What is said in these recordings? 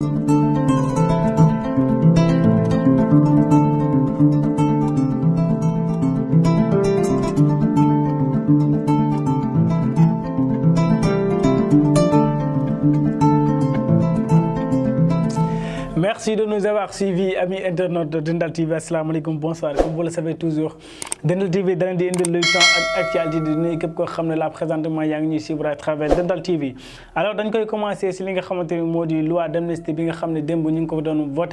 thank you Merci de nous avoir suivis, amis internautes de Dendal TV. Assalamu alaikum, bonsoir. Comme vous le savez toujours, Dendal TV est dans le temps actuel de l'équipe que à travers Dendal TV. Alors, nous avons la loi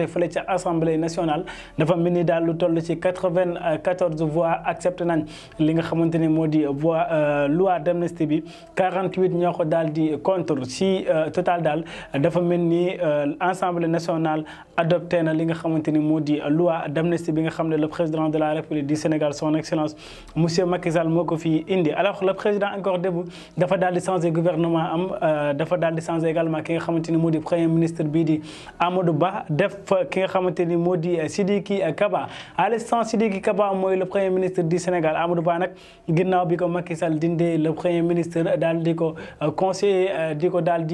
l'Assemblée nationale. Nous avons dans le 94 voix acceptées. Nous avons la loi 48 voix contre. Si euh, total, nous euh, avons l'Assemblée nationale adopté na li nga xamanteni modi loi d'amnistie bi le président de la république du Sénégal son excellence monsieur Macky Sall moko indi alors le président encore debout dafa la di du gouvernement am euh, dafa daal di changé également ki nga xamanteni modi premier ministre bi di Amadou Ba def ki nga xamanteni modi Sidiki Kaba à l'instant Sidiki Kaba moy le premier ministre du Sénégal Amadou Ba nak ginnaaw bi ko Macky Sall le premier ministre Dal ko euh, conseiller euh, diko ko daal di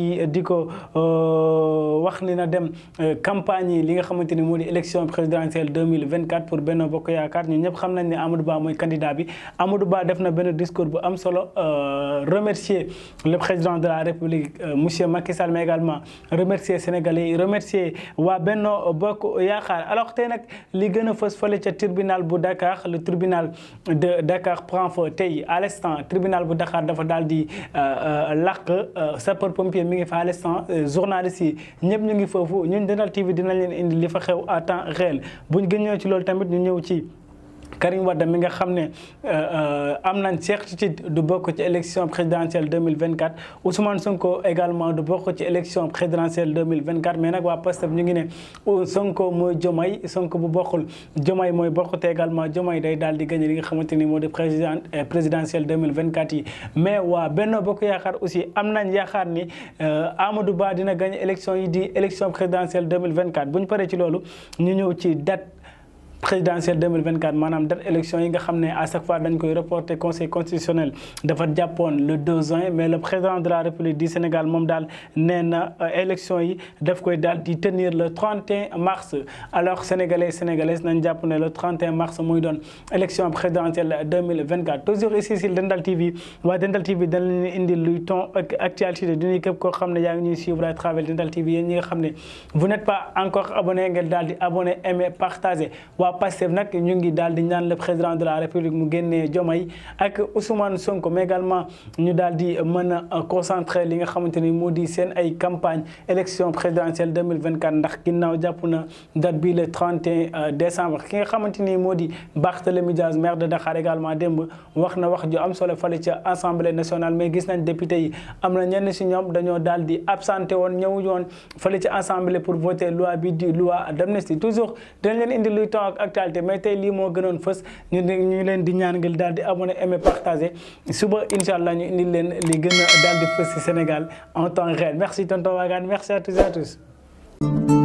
campagne l'élection li nga présidentielle 2024 pour Benno Bokk Yakar ñun ñep xam nañ Amadou Ba candidat bi Amadou Ba def na ben discours bu am euh, remercier le président de la République euh, monsieur Macky Sall mais également remercier Sénégalais remercier wa Benno Bokk Yakar alors ce nak li gëna a fele ci tribunal de Dakar le tribunal de Dakar prend feu tey à l'instant tribunal de Dakar dafa daal di euh, làq sapeur pompier mi ngi fa à l'instant journaliste ñep ñëpp ñu ngi fofu ñun TV dinañ leen indi li fa xew à temps réel bu ñu ci loolu tamit ñu ñëw ci Karim Wade mi nga xam ne euh, euh, am nañ certitude du bokk ci élection présidentielle 2024 Ousmane Sonko également du bokk ci élection présidentielle 2024 mais nag waa Pastef ñu ngi ne oh, Sonko mooy Diomaye Sonko bu bokkul Diomaye mooy bokkute également Diomaye day daal di gagné li nga xamante ni moo di président euh, présidentielle 2024 yi mais waa Benno Bokk Yaakaar aussi am nañ yaakaar ni du Ba dina gagné élection yi di élection présidentielle 2024 bu ñu paree ci loolu ñu ñëw ci date présidentielle 2024 madame, date élection yi nga xamné à chaque fois dañ koy reporter conseil constitutionnel dafa Japon le 2 juin mais le président de la république du Sénégal mom dal néna euh, élection yi daf koy dal di tenir le 31 mars alors sénégalais sénégalaises nañ jàpp le 31 mars moy doon élection présidentielle 2024 toujours ici sur Dendal TV wa dendal TV dañ leen indi luy ton actualité du ñuy ko xamné ya ngi suivre à travers TV nga xamné vous n'êtes pas encore abonné ngeen dal di abonner aimer partager waa PASTEF nak ñu ngi ñaan le président de la république mu génné jomay ak Ousmane Sonko mais également ñu daal di mën concentrer li nga xamante modi ay campagne élection présidentielle 2024 ndax ginnaaw jappuna date bi le 31 décembre ki nga xamante modi moo Diaz maire de Dakar également demb waxna wax ju am solo fale ci assemblée nationale mais gis nañ député yi am na ñenn si ñoom dañoo di absenté won ñewu woon fale ci assemblée pour voter loi bi di loi d'amnistie toujours dañ leen indi luy tok actualité mais tay li mo gënoon fës ñu ñu leen di ñaan ngeul daal di abonné aimé partager suba inshallah ñu indi leen li gën a daal di fës si Sénégal en temps réel merci tonton Wagan merci à tous et à tous